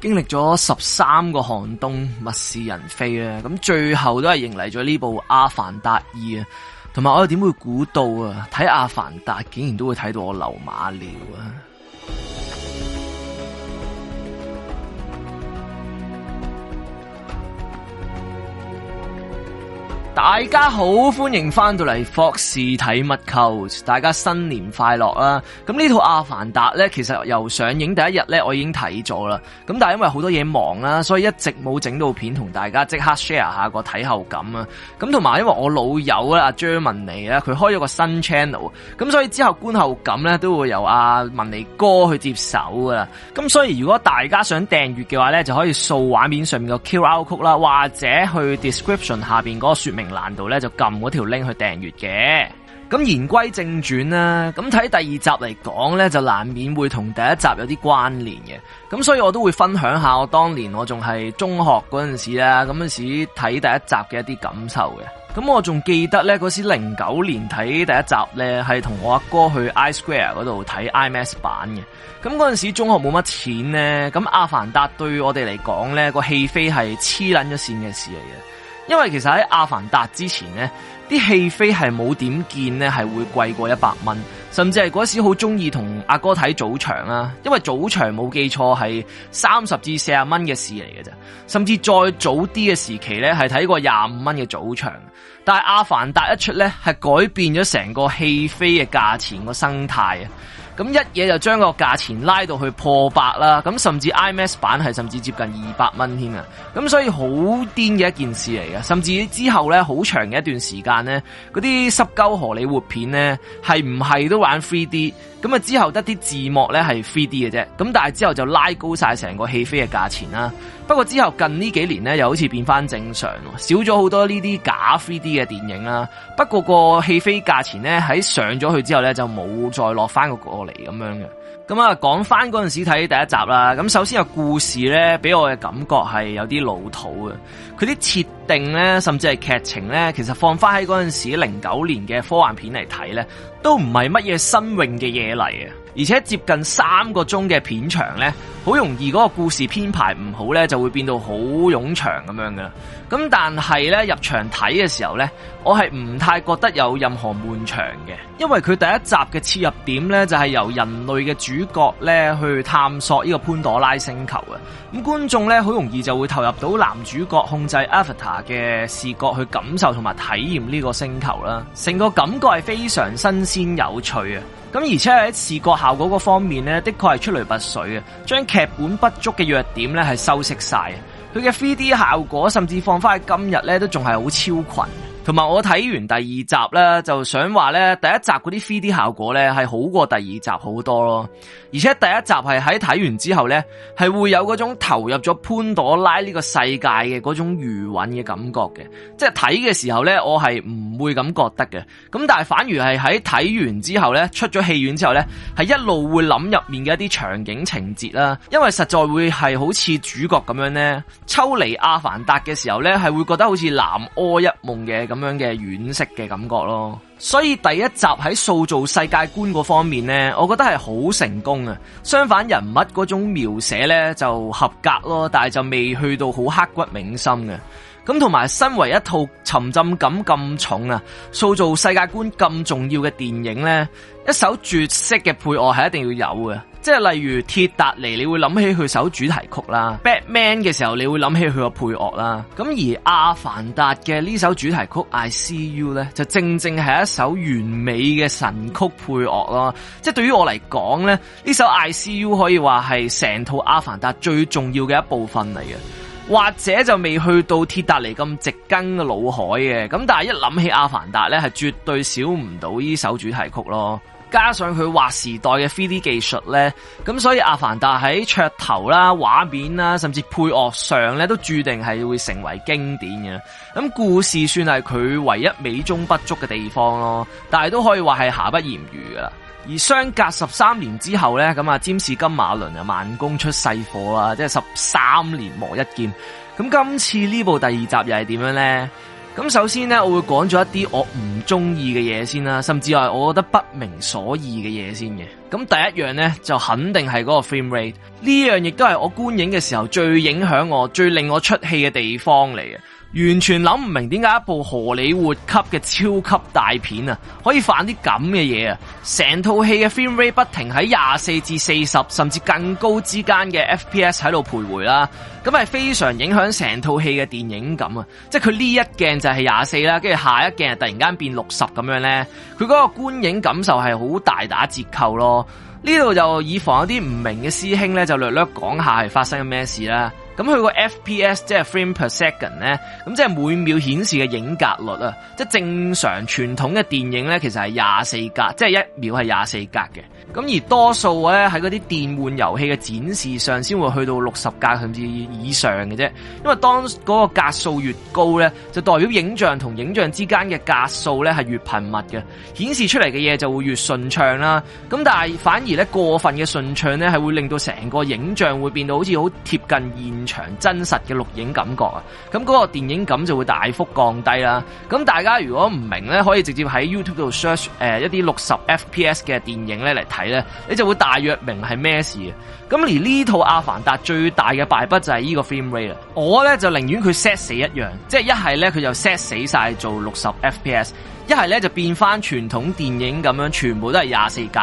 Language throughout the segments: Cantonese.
經歷咗十三個寒冬，物是人非啊！咁最後都係迎嚟咗呢部《阿凡達二》啊，同埋我又點會估到啊？睇《阿凡達》竟然都會睇到我流馬尿啊！大家好，歡迎翻到嚟《福士睇物購》，大家新年快樂啊！咁呢套《阿凡達》呢，其實由上映第一日呢，我已經睇咗啦。咁但係因為好多嘢忙啦，所以一直冇整到片同大家即刻 share 下個睇後感啊！咁同埋，因為我老友啊阿張文尼呢，佢開咗個新 channel，咁所以之後觀後感呢，都會由阿文尼哥去接手噶啦。咁所以如果大家想訂閱嘅話呢，就可以掃畫面上面個 QR code 啦，或者去 description 下邊嗰個說明。難度咧就撳嗰條 link 去訂閱嘅。咁言歸正傳啦、啊，咁睇第二集嚟講咧，就難免會同第一集有啲關聯嘅。咁所以我都會分享下我當年我仲係中學嗰陣時啦，咁陣時睇第一集嘅一啲感受嘅。咁我仲記得咧嗰時零九年睇第一集咧，係同我阿哥，哥去 iSquare 嗰度睇 IMAX 版嘅。咁嗰陣時中學冇乜錢呢，咁阿凡達對我哋嚟講咧個戲飛係黐捻咗線嘅事嚟嘅。因為其實喺《阿凡達》之前呢啲戲飛係冇點見呢係會貴過一百蚊，甚至係嗰時好中意同阿哥睇早場啦，因為早場冇記錯係三十至四十蚊嘅事嚟嘅啫，甚至再早啲嘅時期呢係睇過廿五蚊嘅早場，但係《阿凡達》一出呢，係改變咗成個戲飛嘅價錢個生態啊。咁一嘢就將個價錢拉到去破百啦，咁甚至 IMAX 版係甚至接近二百蚊添啊！咁所以好癲嘅一件事嚟嘅，甚至之後呢好長嘅一段時間呢，嗰啲濕鳩荷里活片呢係唔係都玩 3D？咁啊，之後得啲字幕咧係 3D 嘅啫，咁但係之後就拉高晒成個戲飛嘅價錢啦。不過之後近呢幾年咧，又好似變翻正常，少咗好多呢啲假 3D 嘅電影啦。不過個戲飛價錢咧喺上咗去之後咧，就冇再落翻個過嚟咁樣嘅。咁啊，講翻嗰陣時睇第一集啦。咁首先個故事咧，俾我嘅感覺係有啲老土嘅。佢啲設定咧，甚至係劇情咧，其實放翻喺嗰陣時零九年嘅科幻片嚟睇咧，都唔係乜嘢新穎嘅嘢嚟嘅。而且接近三個鐘嘅片長咧。好容易嗰個故事編排唔好咧，就會變到好冗長咁樣噶啦。咁但係咧，入場睇嘅時候咧，我係唔太覺得有任何悶場嘅，因為佢第一集嘅切入點咧，就係由人類嘅主角咧去探索呢個潘朵拉星球啊。咁觀眾咧好容易就會投入到男主角控制 Avatar 嘅視覺去感受同埋體驗呢個星球啦，成個感覺係非常新鮮有趣啊。咁而且喺視覺效果方面咧，的確係出類拔萃嘅，將劇本不足嘅弱點咧，係修飾晒，佢嘅 3D 效果甚至放翻喺今日咧，都仲係好超群。同埋我睇完第二集咧，就想話咧第一集嗰啲 3D 效果咧係好過第二集好多咯，而且第一集係喺睇完之後咧係會有嗰種投入咗潘朵拉呢個世界嘅嗰種馀韻嘅感覺嘅，即係睇嘅時候咧我係唔會咁覺得嘅，咁但係反而係喺睇完之後咧出咗戲院之後咧係一路會諗入面嘅一啲場景情節啦，因為實在會係好似主角咁樣咧抽離阿凡達嘅時候咧係會覺得好似南柯一夢嘅。咁樣嘅軟式嘅感覺咯，所以第一集喺塑造世界觀嗰方面呢，我覺得係好成功呀。相反人物嗰種描寫呢就合格咯，但係就未去到好刻骨銘心嘅。咁同埋身為一套沉浸感咁重啊，塑造世界觀咁重要嘅電影呢，一首絕色嘅配樂係一定要有嘅。即係例如鐵達尼，你會諗起佢首主題曲啦；Batman 嘅時候，你會諗起佢個配樂啦。咁而阿凡達嘅呢首主題曲《I C U》呢，就正正係一首完美嘅神曲配樂咯。即係對於我嚟講咧，呢首《I C U》可以話係成套阿凡達最重要嘅一部分嚟嘅，或者就未去到鐵達尼咁植根嘅腦海嘅。咁但係一諗起阿凡達呢，係絕對少唔到呢首主題曲咯。加上佢劃時代嘅 three d 技術呢，咁所以阿凡達喺噱頭啦、畫面啦，甚至配樂上呢，都注定係會成為經典嘅。咁故事算係佢唯一美中不足嘅地方咯，但係都可以話係瑕不掩瑜噶啦。而相隔十三年之後呢，咁啊占士金馬倫啊，慢工出細火啦，即係十三年磨一劍。咁今次呢部第二集又係點樣呢？咁首先咧，我會講咗一啲我唔鍾意嘅嘢先啦，甚至係我覺得不明所以嘅嘢先嘅。咁第一樣咧，就肯定係嗰個 frame rate 呢樣，亦都係我觀影嘅時候最影響我、最令我出戲嘅地方嚟嘅。完全諗唔明點解一部荷里活級嘅超級大片啊，可以犯啲咁嘅嘢啊！成套戲嘅 frame rate 不停喺廿四至四十甚至更高之間嘅 FPS 喺度徘徊啦、啊，咁係非常影響成套戲嘅電影感啊！即係佢呢一鏡就係廿四啦，跟住下一鏡係突然間變六十咁樣呢。佢嗰個觀影感受係好大打折扣咯。呢度就以防有啲唔明嘅師兄呢，就略略講下係發生咗咩事啦、啊。咁佢個 FPS 即係 frame per second 咧，咁即係每秒顯示嘅影格率啊！即係正常傳統嘅電影咧，其實係廿四格，即係一秒係廿四格嘅。咁而多數咧喺啲電玩遊戲嘅展示上，先會去到六十格甚至以上嘅啫。因為當嗰個格數越高咧，就代表影像同影像之間嘅格數咧係越頻密嘅，顯示出嚟嘅嘢就會越順暢啦。咁但係反而咧過分嘅順暢咧係會令到成個影像會變到好似好貼近現。長真實嘅錄影感覺啊，咁嗰個電影感就會大幅降低啦。咁大家如果唔明咧，可以直接喺 YouTube 度 search 誒、呃、一啲六十 FPS 嘅電影咧嚟睇咧，你就會大約明係咩事嘅。咁而呢套《阿凡達》最大嘅敗筆就係呢個 frame rate。我呢就寧願佢 set 死一樣，即係一係呢，佢就 set 死晒做六十 FPS，一係呢，就變翻傳統電影咁樣，全部都係廿四格。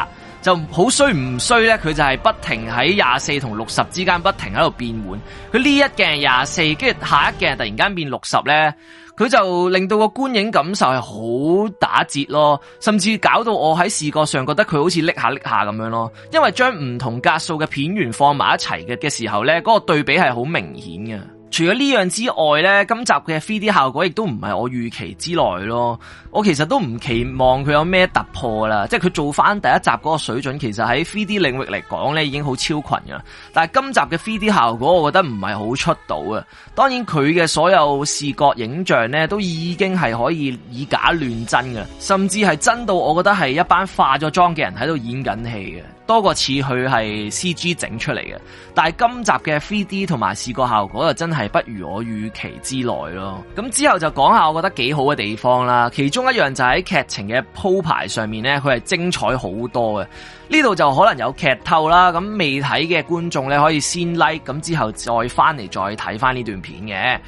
就好衰唔衰呢？佢就係不停喺廿四同六十之間不停喺度變換。佢呢一鏡廿四，跟住下一鏡突然間變六十呢，佢就令到個觀影感受係好打折咯，甚至搞到我喺視覺上覺得佢好似拎下拎下咁樣咯。因為將唔同格數嘅片源放埋一齊嘅嘅時候呢，嗰個對比係好明顯嘅。除咗呢樣之外咧，今集嘅 3D 效果亦都唔係我預期之內咯。我其實都唔期望佢有咩突破啦，即係佢做翻第一集嗰個水準，其實喺 3D 領域嚟講咧已經好超群噶但係今集嘅 3D 效果，我覺得唔係好出到啊。當然佢嘅所有視覺影像咧，都已經係可以以假亂真嘅，甚至係真到我覺得係一班化咗妝嘅人喺度演緊戲嘅，多過似佢係 CG 整出嚟嘅。但係今集嘅 3D 同埋視覺效果就真係。係不如我預期之內咯，咁之後就講下我覺得幾好嘅地方啦。其中一樣就喺劇情嘅鋪排上面呢，佢係精彩好多嘅。呢度就可能有劇透啦，咁未睇嘅觀眾呢，可以先 like，咁之後再翻嚟再睇翻呢段片嘅。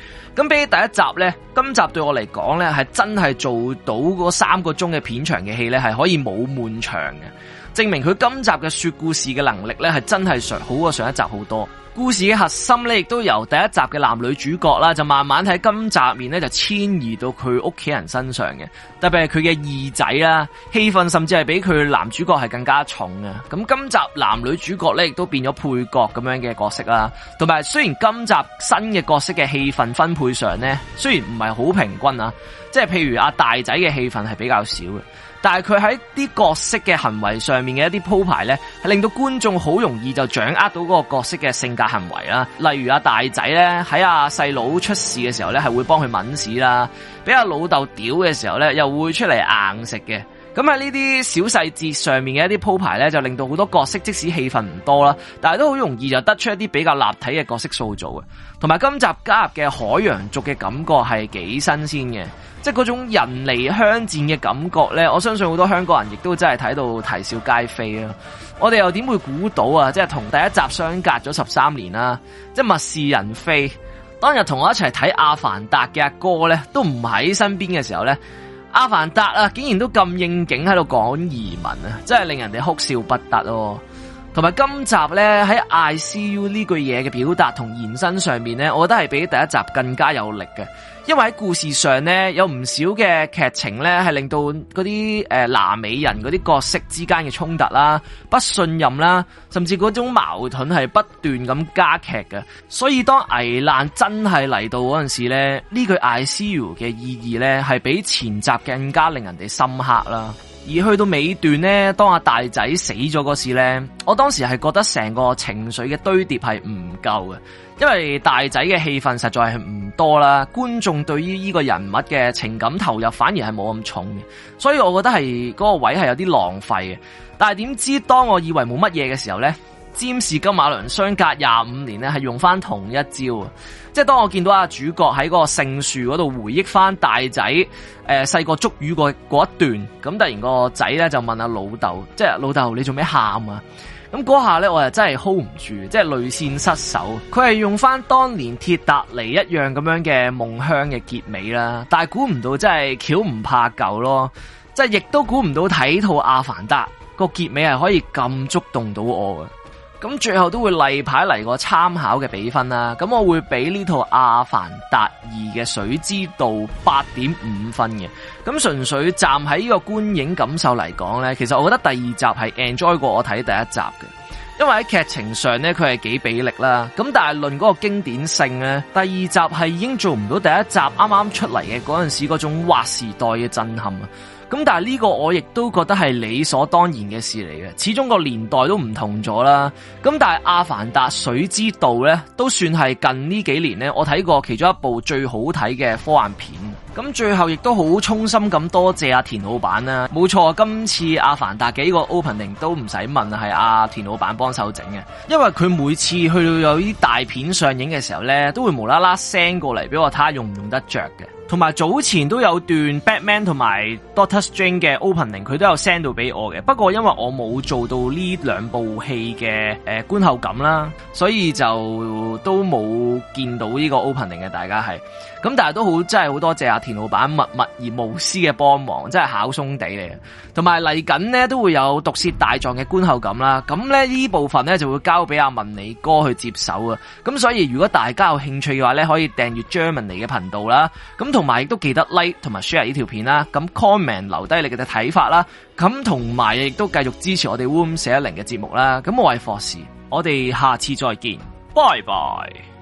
咁比起第一集呢，今集對我嚟講呢，係真係做到嗰三個鐘嘅片長嘅戲呢，係可以冇滿場嘅。證明佢今集嘅說故事嘅能力咧，係真係上好過上一集好多。故事嘅核心咧，亦都由第一集嘅男女主角啦，就慢慢喺今集面咧就遷移到佢屋企人身上嘅。特別係佢嘅二仔啦，戲份甚至係比佢男主角係更加重嘅。咁今集男女主角咧，亦都變咗配角咁樣嘅角色啦。同埋雖然今集新嘅角色嘅戲份分配上呢，雖然唔係好平均啊，即係譬如阿大仔嘅戲份係比較少嘅。但係佢喺啲角色嘅行為上面嘅一啲鋪排呢，係令到觀眾好容易就掌握到嗰個角色嘅性格行為啦。例如阿大仔呢，喺阿細佬出事嘅時候呢，係會幫佢抆屎啦，俾阿老豆屌嘅時候呢，又會出嚟硬食嘅。咁喺呢啲小細節上面嘅一啲鋪排呢，就令到好多角色即使戲份唔多啦，但係都好容易就得出一啲比較立體嘅角色塑造嘅。同埋今集加入嘅海洋族嘅感覺係幾新鮮嘅，即係嗰種人離鄉戰嘅感覺呢，我相信好多香港人亦都真係睇到啼笑皆非啦。我哋又點會估到啊？即係同第一集相隔咗十三年啦，啊，即係物是人非。當日同我一齊睇《阿凡達》嘅阿哥呢，都唔喺身邊嘅時候呢。阿凡達啊，竟然都咁應景喺度講移民啊，真係令人哋哭笑不得咯～同埋今集咧喺 I C U 呢句嘢嘅表達同延伸上面咧，我覺得係比第一集更加有力嘅。因為喺故事上咧，有唔少嘅劇情咧係令到嗰啲誒南美人嗰啲角色之間嘅衝突啦、不信任啦，甚至嗰種矛盾係不斷咁加劇嘅。所以當危難真係嚟到嗰陣時咧，呢句 I C U 嘅意義咧係比前集更加令人哋深刻啦。而去到尾段呢，當阿大仔死咗嗰時呢，我當時係覺得成個情緒嘅堆疊係唔夠嘅，因為大仔嘅戲份實在係唔多啦，觀眾對於呢個人物嘅情感投入反而係冇咁重嘅，所以我覺得係嗰個位係有啲浪費嘅。但係點知當我以為冇乜嘢嘅時候呢。占士金馬倫相隔廿五年咧，係用翻同一招，啊。即係當我見到阿主角喺嗰個聖樹嗰度回憶翻大仔，誒細個捉魚個嗰一段，咁突然個仔呢就問阿老豆，即係老豆你做咩喊啊？咁嗰下呢，我係真係 hold 唔住，即係淚腺失守。佢係用翻當年鐵達尼一樣咁樣嘅夢鄉嘅結尾啦，但係估唔到真係巧唔怕舊咯，即係亦都估唔到睇套阿凡達個結尾係可以咁觸動到我嘅。咁最後都會例牌嚟個參考嘅比分啦，咁我會俾呢套阿凡達二嘅水之道八點五分嘅，咁純粹站喺呢個觀影感受嚟講呢，其實我覺得第二集係 enjoy 過我睇第一集嘅，因為喺劇情上呢，佢係幾俾力啦，咁但係論嗰個經典性呢，第二集係已經做唔到第一集啱啱出嚟嘅嗰陣時嗰種劃時代嘅震撼。咁但係呢個我亦都覺得係理所當然嘅事嚟嘅，始終個年代都唔同咗啦。咁但係《阿凡達：水之道》呢都算係近呢幾年呢，我睇過其中一部最好睇嘅科幻片。咁最後亦都好衷心咁多謝阿田老闆啦，冇錯，今次阿凡達幾個 opening 都唔使問係阿田老闆幫手整嘅，因為佢每次去到有啲大片上映嘅時候呢，都會無啦啦 send 過嚟俾我睇下用唔用得着嘅，同埋早前都有段 Batman 同埋 Doctor Strange 嘅 opening，佢都有 send 到俾我嘅，不過因為我冇做到呢兩部戲嘅誒、呃、觀後感啦，所以就都冇。見到呢個 opening 嘅，大家係咁，但係都好真係好多謝阿田老闆默默而無私嘅幫忙，真係巧鬆地嚟。同埋嚟緊呢，都會有毒舌大狀嘅觀後感啦。咁咧呢部分呢，就會交俾阿文尼哥去接手啊。咁所以如果大家有興趣嘅話呢，可以訂閱 Jeremy 嘅頻道啦。咁同埋亦都記得 like 同埋 share 呢條片啦。咁 comment 留低你嘅睇法啦。咁同埋亦都繼續支持我哋 Woom 四一零嘅節目啦。咁我係霍士，我哋下次再見，拜拜。